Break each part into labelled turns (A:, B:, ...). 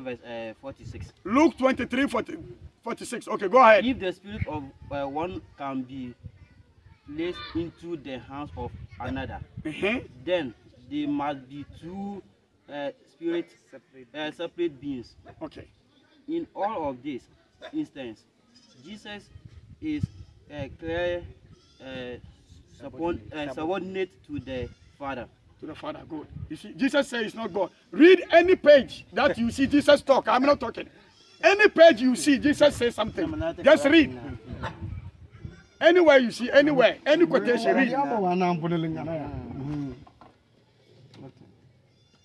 A: verse uh, 46. Luke 23, 40, 46. Okay, go ahead. If the spirit of uh, one can be placed into the hands of another, uh mm-hmm. -huh. then they must be two uh, spirit separate, uh, separate beings. Okay. In all of these instances, Jesus is uh, clear subordinate to the Father. to the Father God. You see, Jesus says it's not God. Read any page that you see Jesus talk. I'm not talking. Any page you see Jesus say something. Just read. Anywhere you see, anywhere, any quotation, read.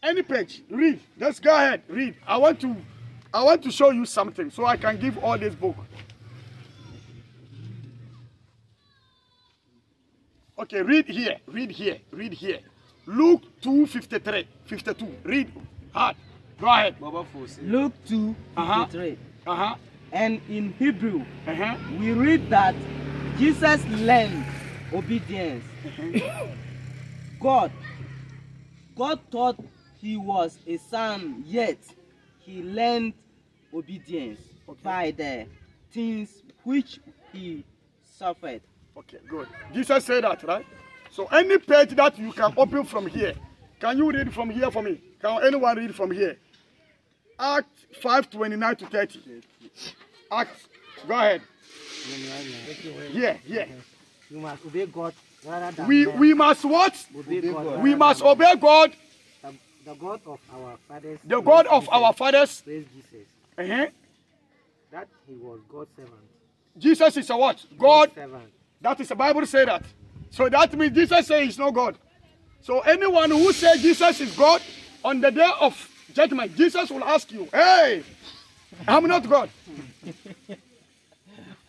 A: Any page, read. Just go ahead, read. I want to, I want to show you something so I can give all this book. Okay, read here, read here, read here. Luke 2 53, 52. Read hard. Go ahead. Luke 2 uh-huh. 53. Uh-huh. Uh-huh. And in Hebrew, uh-huh. we read that Jesus learned obedience. Uh-huh. God, God taught he was a son, yet he learned obedience okay. by the things which he suffered. Okay, good. Jesus said that, right? So any page that you can open from here, can you read from here for me? Can anyone read from here? Act 5:29 to 30. Act, go ahead. Yeah, yeah. You must obey God we, we must what? Obey God. We must obey God. The, God of our fathers. The God of Jesus. our fathers. Praise Jesus. Uh -huh. That he was God's servant. Jesus is a what? God. God's servant. That is the Bible say that. So that means Jesus says he's not God. So anyone who says Jesus is God, on the day of judgment, Jesus will ask you, hey, I'm not God.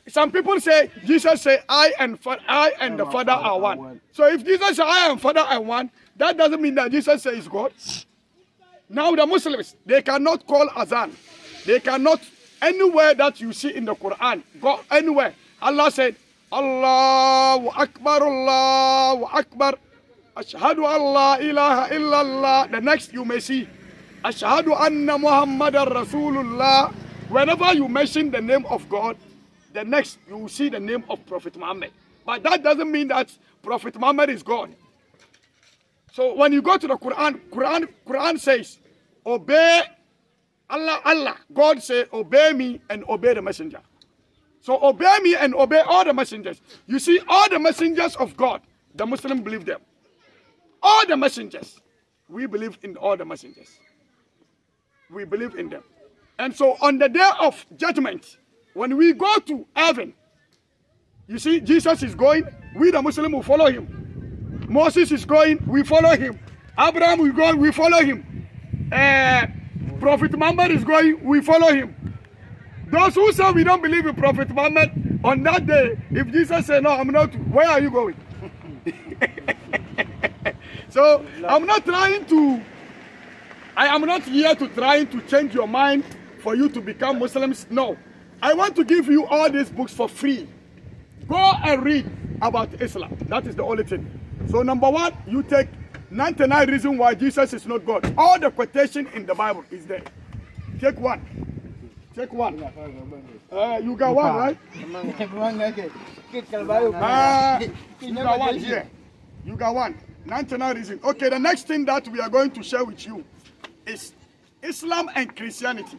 A: Some people say, Jesus say, I and, I and the Father are one. So if Jesus say, I and Father are one, that doesn't mean that Jesus says God. Now the Muslims, they cannot call Azan. They cannot, anywhere that you see in the Quran, go anywhere. Allah said, الله أكبر الله أكبر أشهد أن لا إله إلا الله the next you may see أشهد أن محمد رسول الله whenever you mention the name of God the next you will see the name of Prophet Muhammad but that doesn't mean that Prophet Muhammad is God so when you go to the Quran Quran Quran says obey Allah Allah God says, obey me and obey the messenger so obey me and obey all the messengers. You see, all the messengers of God, the Muslim believe them. All the messengers. We believe in all the messengers. We believe in them. And so on the day of judgment, when we go to heaven, you see, Jesus is going, we the Muslim will follow him. Moses is going, we follow him. Abraham is going, we follow him. Uh, Prophet Muhammad is going, we follow him. Those who say we don't believe in Prophet Muhammad, on that day, if Jesus said, no, I'm not, where are you going? so, I'm not trying to, I am not here to trying to change your mind for you to become Muslims. No. I want to give you all these books for free. Go and read about Islam. That is the only thing. So number one, you take 99 reasons why Jesus is not God. All the quotation in the Bible is there. Take one. Take one. Uh, you got one, right? Uh, you got one here. You got one. 99 reason. Okay, the next thing that we are going to share with you is Islam and Christianity.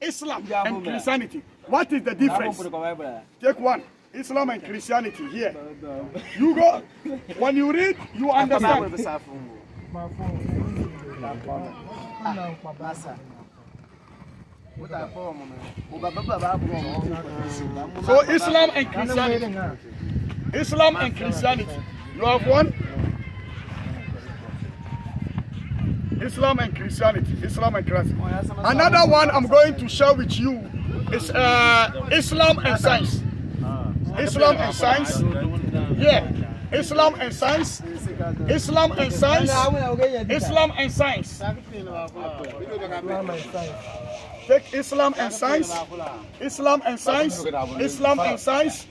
A: Islam and Christianity. What is the difference? Take one. Islam and Christianity here. You go. When you read, you understand. So Islam and Christianity. Islam and Christianity. You have one? Islam and Christianity. Islam and Christianity. Another one I'm going to share with you is uh, Islam and science. Islam and science. Yeah. Islam and science. Islam and science. Islam and science. Take Islam and science. Islam and science. Islam and science.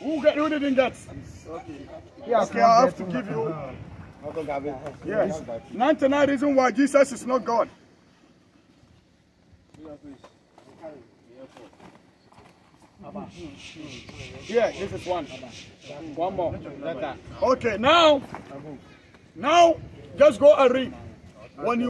A: Who get who didn't get? Okay, I have to give you. Yes. 99 reason why Jesus is not God. Yeah, this is one. One more. Okay, now, now, just go and read. When you